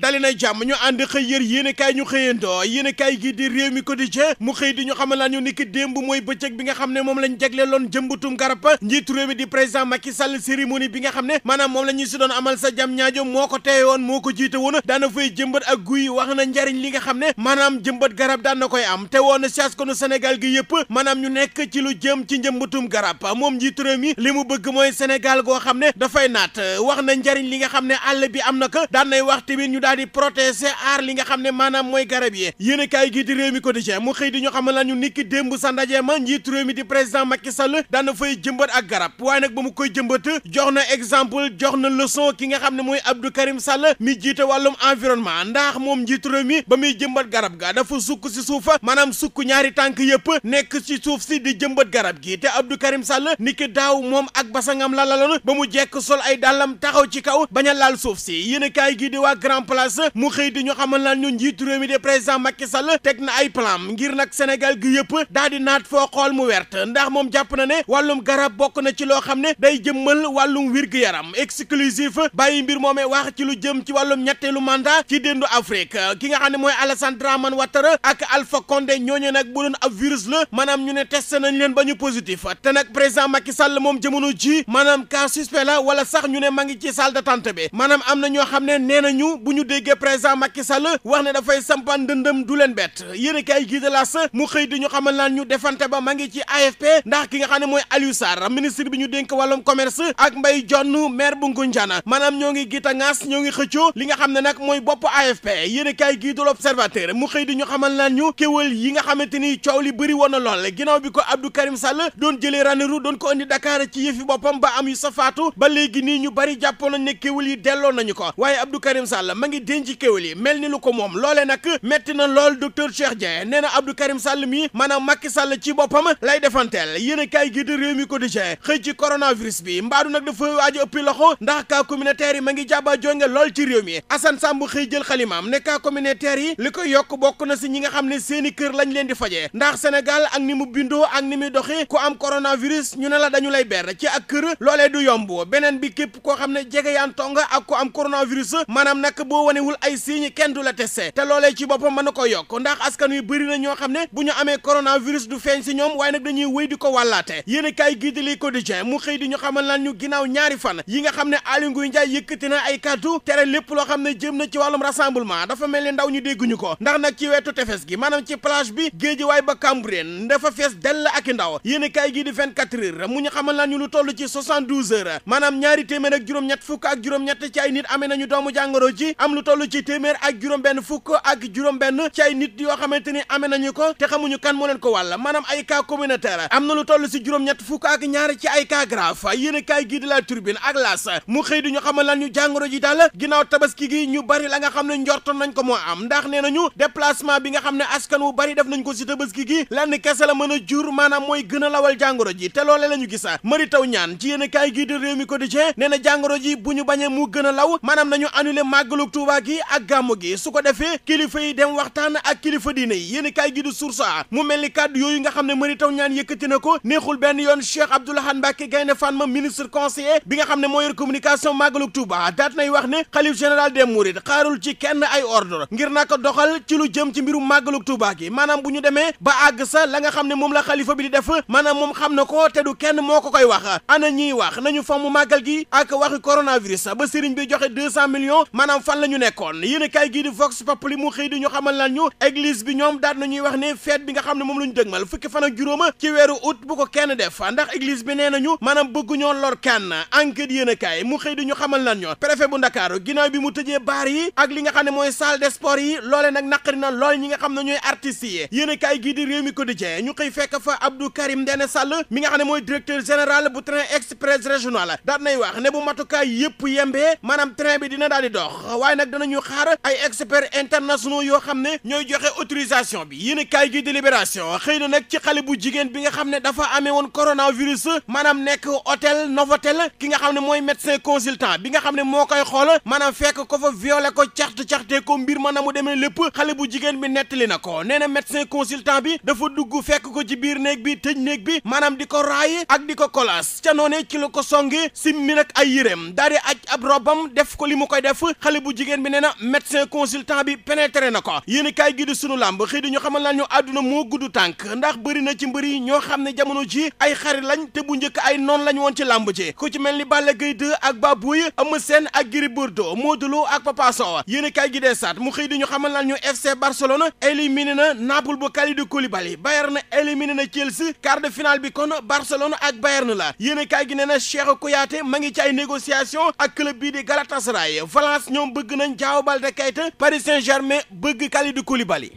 dali na jàmm ñu ànd xëy yër yéenekaay ñu xëyandoo yéenekaay gi di réew mi quotidien mu xëy di ñu xam naa ñu ni démb mooy bëccëg bi nga xam ne moom lañ jagle loon jëmbatum garab njiitu réew di président Macky Sall cérémonie bi nga xam ne maanaam moom la ñu si doon amal sa jam ñaajo moo ko teye woon moo ko jiite woon daana fay jëmbat ak guy wax na njariñ li nga xam ne maanaam jëmbat garab daan na koy am te woon si askanu Sénégal gi yëpp maanaam ñu nekk ci lu jëm ci njëmbatum garab moom njiitu réew mi li mu bëgg mooy Sénégal goo xam ne dafay naat wax na njariñ li nga xam ne àll bi am na ko daan nay wax tamit daal di protéger aar li nga xam ne maanaam mooy garab yi yéen kaay gi di réew mi quotidien mu xëy di ñu xamal la ñu niki démb sa ndaje ma njiitu réew mi di président Macky Sall daan na fay jëmbat ak garab waaye nag ba mu koy jëmbat jox na exemple jox na leçon ki nga xam ne mooy Abdou Karim Sall mi jiite wàllum environnement ndax moom njiitu réew mi ba muy jëmbat garab ga dafa sukk si suufa maanaam sukk ñaari tànk yëpp nekk ci suuf si di jëmbat garab gi te Abdou Karim Sall niki daaw moom ak basangam la laloon ba mu jekk sol ay dàllam taxaw ci kaw bañ laal suuf si yéen kaay gi di waa place mu xëy di ñu xamal naan ñu njiitu réew mi di président Macky Sall teg na ay plan ngir nag Sénégal gi yëpp daal di naat foo xool mu wert ndax moom jàpp na ne wàllum garab bokk na ci loo xam ne day jëmmal wàllum wérgu yaram exclusif bàyyi mbir moomee wax ci lu jëm ci wàllum ñetteelu mandat ci déndu Afrique ki nga xam ne mooy Alassane Dramane Ouattara ak Alpha Condé ñooñu nag bu doon ab virus la maanaam ñu ne test nañ leen ba ñu positif te nag président Macky Sall moom jamono ji maanaam cas suspect la wala sax ñu ne ma ci salle d'attente bi maanaam am ñu déggee président Macky Sall wax ne dafay sampan ndëndëm du leen bett yéen kay gii de las mu xëy di ñu xamal naan ñu defante ba ma ngi ci AFP ndax ki nga xam ne mooy Aliou Sarr ministre bi ñu dénk wàllum commerce ak Mbaye Dione maire bu Ngoundiane ñoo ngi gita ngaas ñoo ngi xëccoo li nga xam ne nag mooy bopp AFP yéen kay gii de mu xëy di ñu xamal naan ñu kéwal yi nga xamante ni coow li bëri woon na lool ginnaaw bi ko Abdou Karim Sall doon jëlee ba am yu safaatu ba léegi nii ñu bari jàppoon nañ ngi denc kéwél yi ko moom loole nag metti na lool docteur Cheikh Dieng nee na Abdou Karim Sall mi maanaam Macky Sall ci boppam lay defanteel yéen a kaay gi di réew mi quotidien xëy ci coronavirus bi mbaadu nag dafa waaj a ëppi loxo ndax cas communautaire yi ma ngi jàba jonge lool ci réew mi Assane Samb xëy jël xalimaam ne cas communautaire yi li ko yokk bokk na si ñi nga xam ne seeni kër lañ leen di fajee ndax Sénégal ak ni mu bindoo ak ni muy doxee ku am coronavirus ñu ne la dañu lay ber ci ak kër loolee du yomb beneen bi képp koo xam ne jege yaan tonga ak ku am coronavirus maanaam nag boo boo wanewul ay signe kenn du la testé te loolee ci boppam mën na ko yokk ndax askan wi bëri na ñoo xam ne bu ñu amee coronavirus du feeñ si ñoom waaye nag dañuy wéy di ko wàllaate yéen a kaay gii di Le Quotidien mu xëy di ñu xamal lan ñu ginnaaw ñaari fan yi nga xam ne Aly Ngouille Ndiaye yëkkati na ay kàddu tere lépp loo xam ne jëm na ci wàllum rassemblement dafa mel ni ndaw ñu dégguñu ko ndax nag ci wetu tefes gi maanaam ci plage bi Guédiawaye ba Cambérène dafa fees dell ak i ndaw kaay gii di 24 heures mu ñu xamal lan lu toll ci 72 heures maanaam ñaari téeméer ak fukk ak juróom-ñett ci ay nit amee nañu ji am lu toll ci téeméer ak juróom-benn fukk ak juróom-benn ci ay nit yoo xamante ni ame nañu ko te xamuñu kan moo leen ko wàll maanaam ay cas communautaire am na lu toll si juróom-ñett fukk ak ñaar ci ay cas grave yéen a kaay gii di la turbine ak laas mu xëy di ñu xamal lan ñu jàngoro ji daal ginnaaw tabaski gi ñu bari la nga xam ne njortoon nañ ko moo am ndax nee nañu déplacement bi nga xam ne askan wu bari def nañ ko si tabaski gi lenn kese la mën a jur maanaam mooy gën a lawal jàngoro ji te loole la ñu gisa mari taw ñaan ci yéen a kaay gii di réew mi quotidien nee na jàngoro ji bu ñu bañee mu gën a law maanaam nañu annuler màggalug Touba gi ak gàmmu gi su ko defee kilifa yi dem waxtaan ak kilifa diine yi yéen i kaay gi du source mu mel ni kàddu yooyu nga xam ne Mary Teuw Niane yëkkati na ko neexul benn yoon Cheikh Abdou Lahad Mbacké fan ma ministre conseiller bi nga xam ne moo yor communication màggalu Touba daat nay wax ne xalif général des Mourides xaarul ci kenn ay ordre ngir naka doxal ci lu jëm ci mbirum màggalu Touba gi maanaam bu ñu demee ba àgg sa la nga xam ne moom la xalifa bi di def maanaam moom xam na ko te du kenn moo ko koy wax ana ñiy wax nañu mu màggal gi ak waxi coronavirus ba sëriñ bi joxe deux cent millions maanaam fan la nekkoon yéen gii di Vox li mu xëy di ñu xamal lan ñu église bi ñoom daat nañuy wax ne fête bi nga xam ne moom la ñu dëgmal fukki fan ak juróoma ci weeru août bu ko kenn def ndax église bi nee nañu maanaam bëgguñoo lor kenn enquête yéen a kaay mu xëy di ñu xamal lan ñu préfet bu Ndakaaru ginnaaw bi mu tëjee baar yi ak li nga xam ne mooy salle de sport yi loole nag naq na lool ñi nga xam ne ñooy artistes yi yéen gii di réew mi quotidien ñu xëy fekk fa Abdou Karim Ndene Sall mi nga xam ne mooy directeur général bu train express régional daat nay wax ne bu matukaay yëpp yembee maanaam train bi dina daal di dox waaye nag danañu xaar ay experts internationaux yoo xam ne ñooy joxe autorisation bi yéen a gi di Libération xëy na nag ci xale bu jigéen bi nga xam ne dafa amee woon coronavirus maanaam nekk hôtel Novotel ki nga xam ne mooy médecin consultant bi nga xam ne moo koy xool maanaam fekk ko fa violé ko caxt caxtee ko mbir ma na mu demee lépp xale bu jigéen bi nettali na ko nee na médecin consultant bi dafa dugg fekk ko ci biir néeg bi tëj néeg bi maanaam di ko raay ak di ko kolaas ca noonee ci la ko songi simmi nag ay yéreem daal di aj ab robam def ko li mu koy def xale bu jigéen bi nee na médecin bi pénétré na ko yéen i gi di sunu làmb xëy ñu xamal laan ñu àdduna moo gudd tànk ndax bëri na ci mbër yi ñoo xam ne jamono ji ay xarit lañ te bu njëkk ay noon lañ woon ci làmb ji ku ci mel ni Balla Gaye 2 ak Baboye Eumeu Sène ak Gris Bordeaux Modou Lô ak Papa Sow yéen i kaay gi dee saat mu xëy di ñu xamal laan ñu FC Barcelone éliminé na Naples bu Kalidou Koulibaly Bayern éliminé na Chelsea quart de finale bi kon Barcelone ak Bayern la yéen i gi nee na Cheikh Kouyaté ma ngi ci ay négociation ak club bii bëgg nañ Diao Baldé Keita Paris Saint-Germain bëgg Kalidou Koulibaly